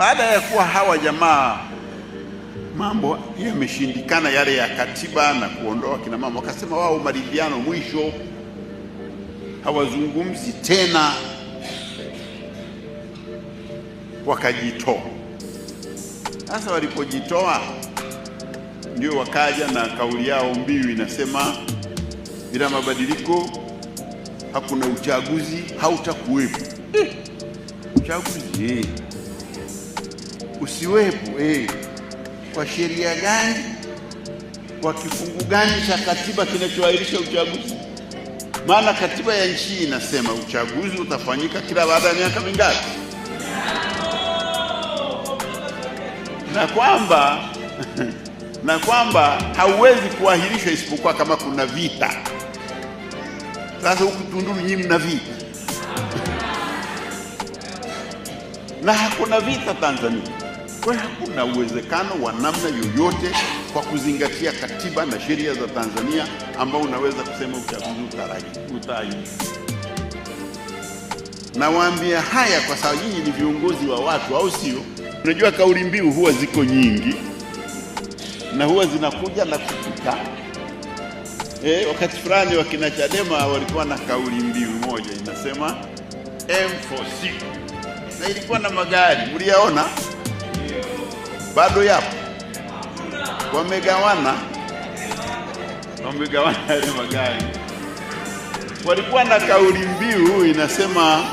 Baada ya kuwa hawa jamaa mambo yameshindikana yale ya katiba na kuondoa kina mama, wakasema wao maridhiano mwisho, hawazungumzi tena, wakajitoa. Sasa walipojitoa, ndio wakaja na kauli yao mbiu inasema, bila mabadiliko hakuna uchaguzi, hautakuwepo eh, uchaguzi eh usiwepo eh. Kwa sheria gani? Kwa kifungu gani cha katiba kinachoahirisha uchaguzi? Maana katiba ya nchi inasema uchaguzi utafanyika kila baada ya miaka mingapi, na kwamba na kwamba hauwezi kuahirishwa isipokuwa kama kuna vita. Sasa huku Tunduru nyinyi mna vita na hakuna vita Tanzania. Kwa hiyo hakuna uwezekano wa namna yoyote kwa kuzingatia katiba na sheria za Tanzania ambao unaweza kusema uchaguzi utaahirishwa. Nawaambia haya kwa sababu nyinyi ni viongozi wa watu, au sio? Unajua kauli mbiu huwa ziko nyingi na huwa zinakuja na kupita. E, wakati fulani wakina Chadema walikuwa na kauli mbiu moja inasema M4C na ilikuwa na magari mliyaona bado yapo, wamegawana, wamegawana yale magari. Walikuwa na kauli mbiu inasema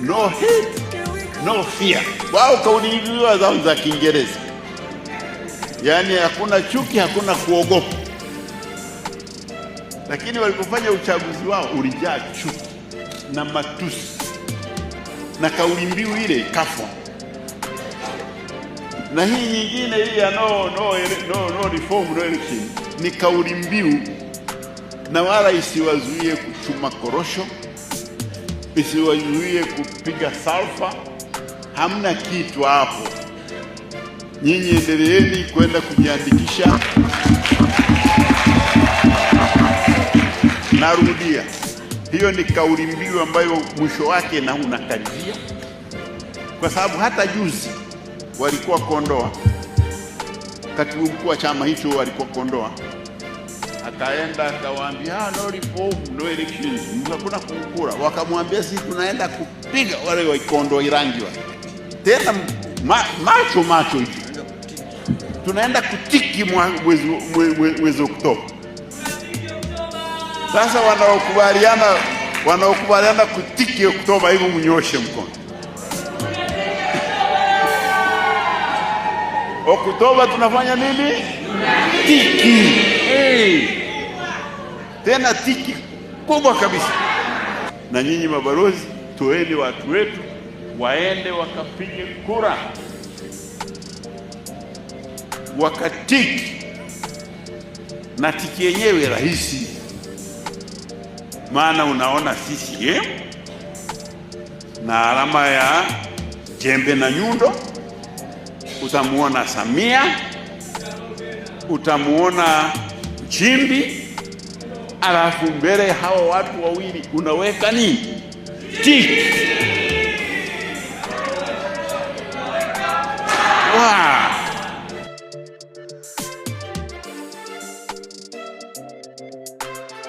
no hate, no fear. Wao kauli mbiu zao za Kiingereza, yaani hakuna chuki, hakuna kuogopa. Lakini walipofanya uchaguzi wao ulijaa chuki na matusi, na kauli mbiu ile ikafa na hii nyingine hii ya no, no, no, no reform no election ni kauli mbiu, na wala isiwazuie kuchuma korosho, isiwazuie kupiga salfa. Hamna kitu hapo. Nyinyi endeleeni kwenda kujiandikisha. Narudia, hiyo ni kauli mbiu ambayo mwisho wake na unakaribia, kwa sababu hata juzi walikuwa Kondoa, katibu mkuu wa chama hicho alikuwa Kondoa, akaenda akawaambia, ah, no reform no election, hakuna kukura. Wakamwambia sisi tunaenda kupiga wale wa Kondoa Irangi wa tena ma, macho macho hicho, tunaenda kutiki mwezi mwezi Oktoba. Sasa wanaokubaliana wanaokubaliana kutiki Oktoba, hivyo mnyoshe mkono. Oktoba tunafanya nini? Tiki hey. Tena tiki kubwa kabisa. Na nyinyi mabalozi, tueni watu wetu waende wakapige kura, wakatiki. Na tiki yenyewe rahisi, maana unaona eh? na alama ya jembe na nyundo utamuona Samia, utamuona Chimbi, alafu mbele hawa watu wawili unaweka nini? Tiki. Wow.